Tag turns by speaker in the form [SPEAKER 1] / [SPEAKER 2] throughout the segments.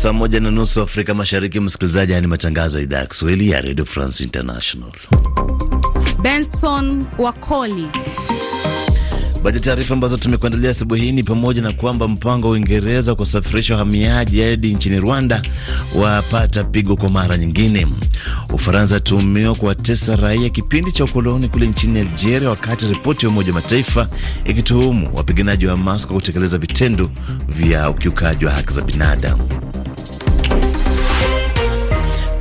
[SPEAKER 1] Saa moja na nusu Afrika Mashariki, msikilizaji, ni matangazo ya idhaa ya Kiswahili ya Radio France International.
[SPEAKER 2] Benson Wakoli.
[SPEAKER 1] Baadhi ya taarifa ambazo tumekuandalia asubuhi hii ni pamoja na kwamba mpango wa Uingereza wa kusafirisha wahamiaji hadi nchini Rwanda wapata pigo kwa mara nyingine. Ufaransa atuhumiwa kuwatesa raia kipindi cha ukoloni kule nchini Algeria, wakati ripoti ya Umoja wa Mataifa ikituhumu wapiganaji wa Hamas kwa kutekeleza vitendo vya ukiukaji wa haki za binadamu.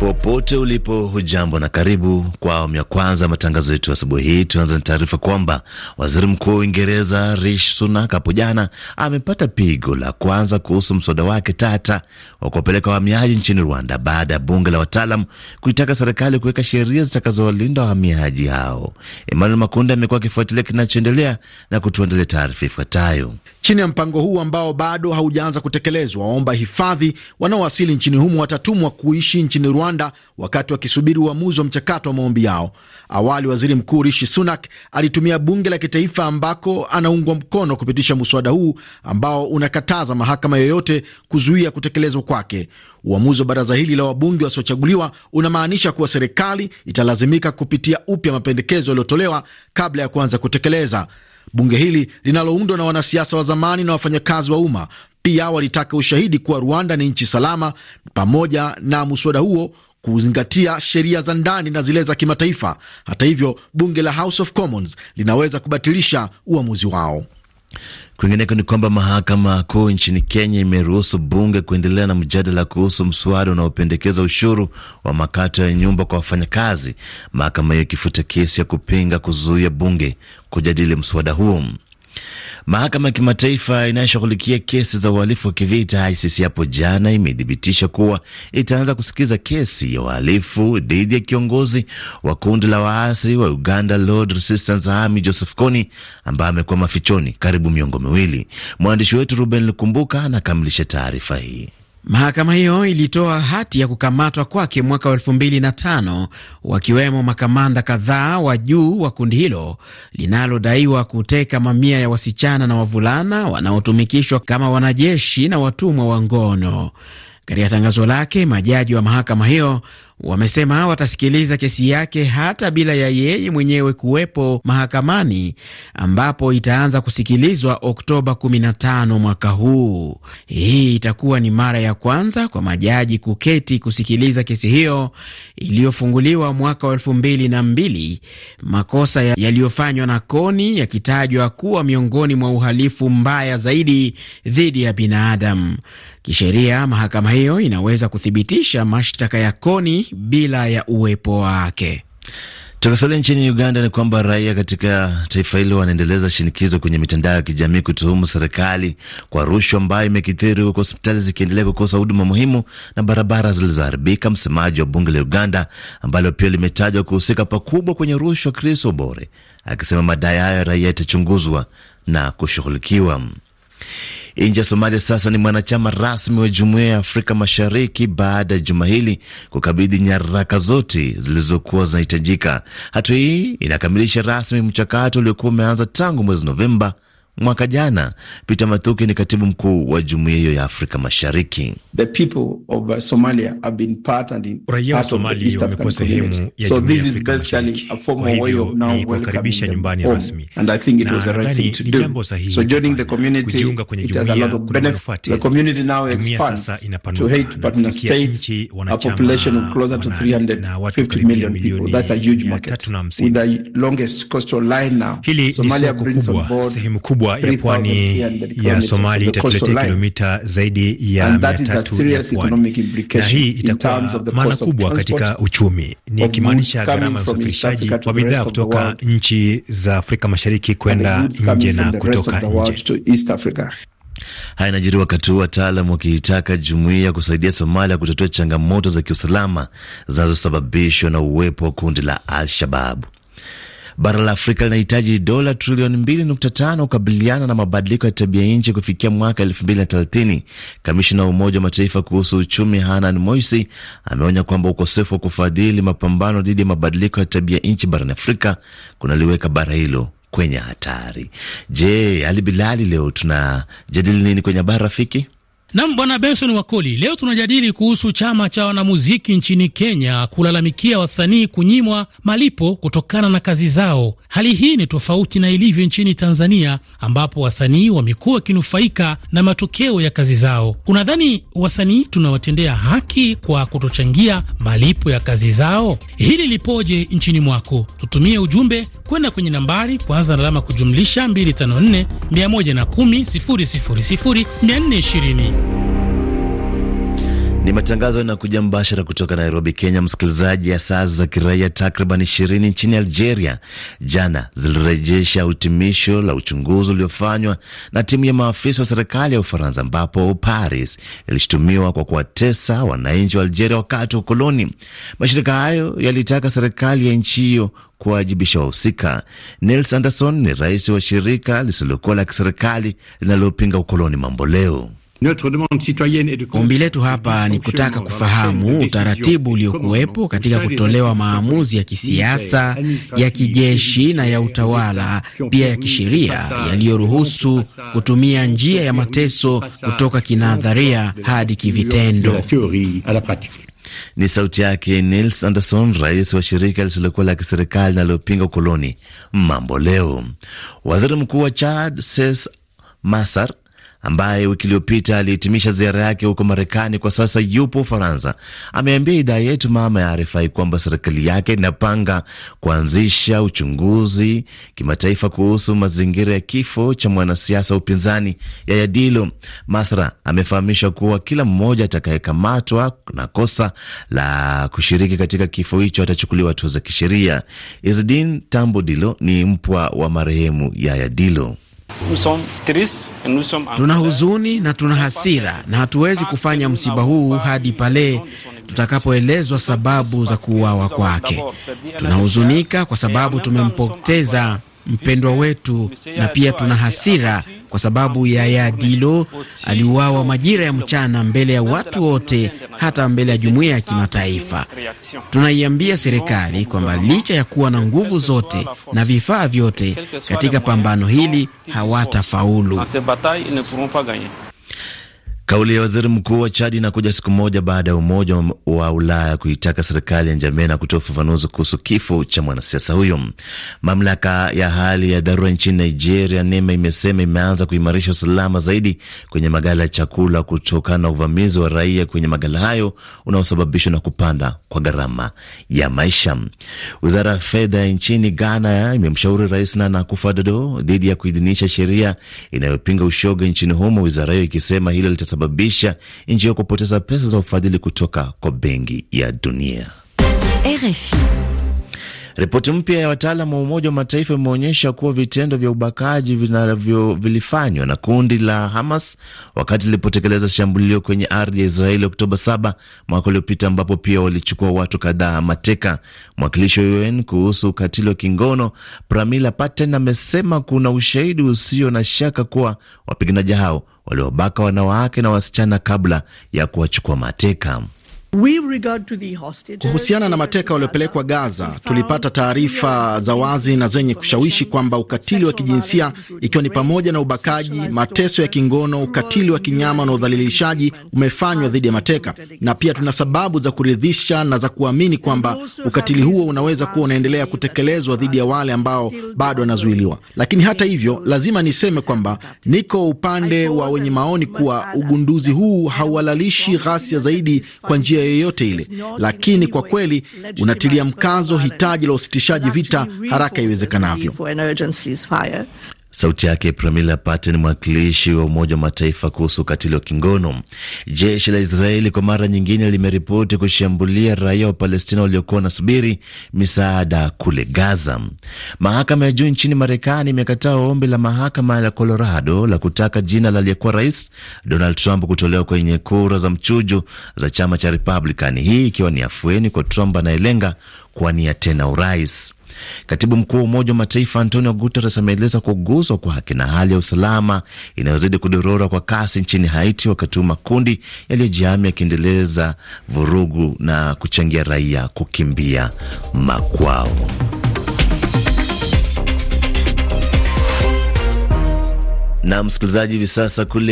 [SPEAKER 1] Popote ulipo, hujambo na karibu kwa awamu ya kwanza matangazo yetu asubuhi hii. Tuanza na taarifa kwamba waziri mkuu wa Uingereza Rishi Sunak hapo jana amepata pigo la kwanza kuhusu mswada wake tata wa kuwapeleka wahamiaji nchini Rwanda baada ya bunge la wataalam kuitaka serikali kuweka sheria zitakazowalinda wahamiaji hao. Emmanuel Makunde amekuwa akifuatilia kinachoendelea na kutuandalia taarifa ifuatayo. Chini ya
[SPEAKER 2] mpango huu ambao bado haujaanza kutekelezwa, waomba hifadhi wanaowasili nchini humo watatumwa kuishi nchini Rwanda Rwanda wakati wakisubiri uamuzi wa mchakato wa maombi yao. Awali waziri mkuu Rishi Sunak alitumia bunge la kitaifa ambako anaungwa mkono kupitisha mswada huu ambao unakataza mahakama yoyote kuzuia kutekelezwa kwake. Uamuzi wa baraza hili la wabunge wasiochaguliwa unamaanisha kuwa serikali italazimika kupitia upya mapendekezo yaliyotolewa kabla ya kuanza kutekeleza. Bunge hili linaloundwa na wanasiasa wa zamani na wafanyakazi wa umma pia walitaka ushahidi kuwa Rwanda ni nchi salama, pamoja na muswada huo kuzingatia sheria za ndani na zile za kimataifa. Hata hivyo, bunge la House of Commons
[SPEAKER 1] linaweza kubatilisha uamuzi wao. Kwingineko ni kwamba mahakama kuu nchini Kenya imeruhusu bunge kuendelea na mjadala kuhusu mswada unaopendekeza ushuru wa makato ya nyumba kwa wafanyakazi, mahakama hiyo ikifuta kesi ya kupinga kuzuia bunge kujadili mswada huo. Mahakama ya kimataifa inayoshughulikia kesi za uhalifu wa kivita ICC hapo jana imethibitisha kuwa itaanza kusikiza kesi ya uhalifu dhidi ya kiongozi wa kundi la waasi wa Uganda Lord Resistance Army Joseph Kony ambaye amekuwa mafichoni karibu miongo miwili. Mwandishi wetu Ruben Lukumbuka anakamilisha taarifa hii.
[SPEAKER 3] Mahakama hiyo ilitoa hati ya kukamatwa kwake mwaka wa elfu mbili na tano wakiwemo makamanda kadhaa wa juu wa kundi hilo linalodaiwa kuteka mamia ya wasichana na wavulana wanaotumikishwa kama wanajeshi na watumwa wa ngono. Katika tangazo lake, majaji wa mahakama hiyo Wamesema watasikiliza kesi yake hata bila ya yeye mwenyewe kuwepo mahakamani, ambapo itaanza kusikilizwa Oktoba 15 mwaka huu. Hii itakuwa ni mara ya kwanza kwa majaji kuketi kusikiliza kesi hiyo iliyofunguliwa mwaka wa elfu mbili na mbili, makosa yaliyofanywa na Koni yakitajwa kuwa miongoni mwa uhalifu mbaya zaidi dhidi ya binadamu. Kisheria, mahakama hiyo inaweza kuthibitisha
[SPEAKER 1] mashtaka ya Koni bila ya uwepo wake. Tukasalia nchini Uganda, ni kwamba raia katika taifa hilo wanaendeleza shinikizo kwenye mitandao ya kijamii kutuhumu serikali kwa rushwa ambayo imekithiri, huku hospitali zikiendelea kukosa huduma muhimu na barabara zilizoharibika. Msemaji wa bunge la Uganda ambalo pia limetajwa kuhusika pakubwa kwenye rushwa, Chris Obore akisema madai hayo ya raia itachunguzwa na kushughulikiwa. Nchi ya Somalia sasa ni mwanachama rasmi wa Jumuiya ya Afrika Mashariki baada ya juma hili kukabidhi nyaraka zote zilizokuwa zinahitajika. Hatua hii inakamilisha rasmi mchakato uliokuwa umeanza tangu mwezi Novemba mwaka jana. Peter Mathuki ni katibu mkuu wa jumuiya hiyo ya Afrika Mashariki.
[SPEAKER 3] Uh, Raia wa Somalia wamekuwa sehemu ya jumuiya ya Afrika Mashariki, ni kuwakaribisha nyumbani rasmi, na nadhani ni jambo sahihi kujiunga kwenye jumuiya kuna manufaa tele. Jumuiya sasa inapanuka na nchi wanachama na watu karibia milioni mia tatu na hamsini. Hili ni soko kubwa, sehemu kubwa kubwa ya pwani ya Somalia itatuletea kilomita zaidi ya mia tatu ya pwani, na hii itakuwa maana kubwa katika uchumi, ni ikimaanisha gharama ya usafirishaji wa bidhaa kutoka nchi za Afrika Mashariki kwenda nje na kutoka nje.
[SPEAKER 1] Haya inajiri wakati huu wataalam wakiitaka jumuiya kusaidia Somalia kutatua changamoto za kiusalama zinazosababishwa na uwepo wa kundi la Al-Shababu. Bara la Afrika linahitaji dola trilioni 2.5 kukabiliana na mabadiliko ya tabia nchi kufikia mwaka 2030. Kamishina wa Umoja wa Mataifa kuhusu uchumi Hanan Moisi ameonya kwamba ukosefu wa kufadhili mapambano dhidi ya mabadiliko ya tabia nchi barani Afrika kunaliweka bara hilo kwenye hatari. Je, Ali Bilali, leo tunajadili nini kwenye Habari Rafiki?
[SPEAKER 3] Nam, Bwana Benson Wakoli, leo tunajadili kuhusu chama cha wanamuziki nchini Kenya kulalamikia wasanii kunyimwa malipo kutokana na kazi zao. Hali hii ni tofauti na ilivyo nchini Tanzania, ambapo wasanii wamekuwa wakinufaika na matokeo ya kazi zao. Unadhani wasanii tunawatendea haki kwa kutochangia malipo ya kazi zao? Hili lipoje nchini mwako? Tutumie ujumbe kwenda kwenye nambari kwanza na alama kujumlisha 254 110 000 420.
[SPEAKER 1] Ni matangazo yanakuja mbashara kutoka Nairobi, Kenya. Msikilizaji, ya saa za kiraia takriban ishirini nchini Algeria jana zilirejesha hitimisho la uchunguzi uliofanywa na timu ya maafisa wa serikali ya Ufaransa, ambapo Paris ilishutumiwa kwa kuwatesa wananchi wa Algeria wakati wa ukoloni. Mashirika hayo yalitaka serikali ya nchi hiyo kuwajibisha wahusika. Nils Anderson ni rais wa shirika lisilokuwa la kiserikali linalopinga ukoloni mambo leo
[SPEAKER 2] Ombi letu hapa ni kutaka kufahamu utaratibu uliokuwepo katika kutolewa maamuzi
[SPEAKER 1] ya kisiasa, ya kijeshi
[SPEAKER 3] na ya utawala, pia ya kisheria, yaliyoruhusu kutumia njia ya mateso kutoka kinadharia hadi kivitendo.
[SPEAKER 1] Ni sauti yake Nils Anderson, rais wa shirika lisilokuwa la kiserikali linalopinga ukoloni mambo leo. Waziri Mkuu wa Chad Ses Masar ambaye wiki iliyopita alihitimisha ziara yake huko Marekani, kwa sasa yupo Ufaransa, ameambia idhaa yetu mama ya RFI kwamba serikali yake inapanga kuanzisha uchunguzi kimataifa kuhusu mazingira ya kifo cha mwanasiasa wa upinzani Yaya Masra amefahamisha kuwa kila mmoja atakayekamatwa na kosa la kushiriki katika kifo hicho atachukuliwa hatua za kisheria. Izdin Tambo Dilo ni mpwa wa marehemu Yaya Dilo. Tuna
[SPEAKER 3] huzuni na tuna hasira na hatuwezi kufanya msiba huu hadi pale tutakapoelezwa sababu za kuuawa kwake. Tunahuzunika kwa sababu tumempoteza mpendwa wetu na pia tuna hasira kwa sababu Yaya Dilo aliuawa majira ya mchana mbele ya watu wote, hata mbele ya jumuiya ya kimataifa. Tunaiambia serikali kwamba licha ya kuwa na nguvu zote
[SPEAKER 1] na vifaa vyote katika pambano hili hawatafaulu. Kauli ya waziri mkuu wa Chadi inakuja siku moja baada ya Umoja wa Ulaya kuitaka serikali ya Njamena kutoa ufafanuzi kuhusu kifo cha mwanasiasa huyo. Mamlaka ya hali ya dharura nchini Nigeria, NEMA, imesema imeanza kuimarisha usalama zaidi kwenye magala ya chakula kutokana na uvamizi wa raia kwenye magala hayo unaosababishwa na kupanda kwa gharama ya maisha. Wizara ya fedha nchini Ghana imemshauri Rais Nana Akufo-Addo dhidi ya kuidhinisha sheria inayopinga ushoga nchini humo, wizara hiyo ikisema hilo litasa kusababisha nchi hiyo kupoteza pesa za ufadhili kutoka kwa Benki ya Dunia. RFI. Ripoti mpya ya wataalam wa Umoja wa Mataifa imeonyesha kuwa vitendo vya ubakaji vinavyo vilifanywa na kundi la Hamas wakati lilipotekeleza shambulio kwenye ardhi ya Israeli Oktoba 7 mwaka uliopita, ambapo pia walichukua watu kadhaa mateka. Mwakilishi wa UN kuhusu ukatili wa kingono Pramila Patten amesema kuna ushahidi usio na shaka kuwa wapiganaji hao waliobaka wanawake na wasichana kabla ya kuwachukua mateka.
[SPEAKER 2] Kuhusiana na mateka waliopelekwa Gaza, tulipata taarifa za wazi na zenye kushawishi kwamba ukatili wa kijinsia ikiwa ni pamoja na ubakaji, mateso ya kingono, ukatili wa kinyama na udhalilishaji umefanywa dhidi ya mateka, na pia tuna sababu za kuridhisha na za kuamini kwamba ukatili huo unaweza kuwa unaendelea kutekelezwa dhidi ya wale ambao bado wanazuiliwa. Lakini hata hivyo, lazima niseme kwamba niko upande wa wenye maoni kuwa ugunduzi huu hauhalalishi ghasia zaidi kwa njia njia yoyote ile, lakini kwa kweli unatilia mkazo hitaji la usitishaji vita haraka iwezekanavyo.
[SPEAKER 1] Sauti yake Pramila Patten, mwakilishi wa Umoja wa Mataifa kuhusu ukatili wa kingono. Jeshi la Israeli kwa mara nyingine limeripoti kushambulia raia wa Palestina waliokuwa wanasubiri misaada kule Gaza. Mahakama ya juu nchini Marekani imekataa ombi la mahakama ya Colorado la kutaka jina la aliyekuwa rais Donald Trump kutolewa kwenye kura za mchujo za chama cha Republican, hii ikiwa ni afueni kwa Trump anayelenga kuwania tena urais. Katibu mkuu wa Umoja wa Mataifa Antonio Guterres ameeleza kuguswa haki na hali ya usalama inayozidi kudorora kwa kasi nchini Haiti, wakati huu makundi yaliyojihami yakiendeleza vurugu na kuchangia raia kukimbia makwao. Na msikilizaji, hivi sasa kule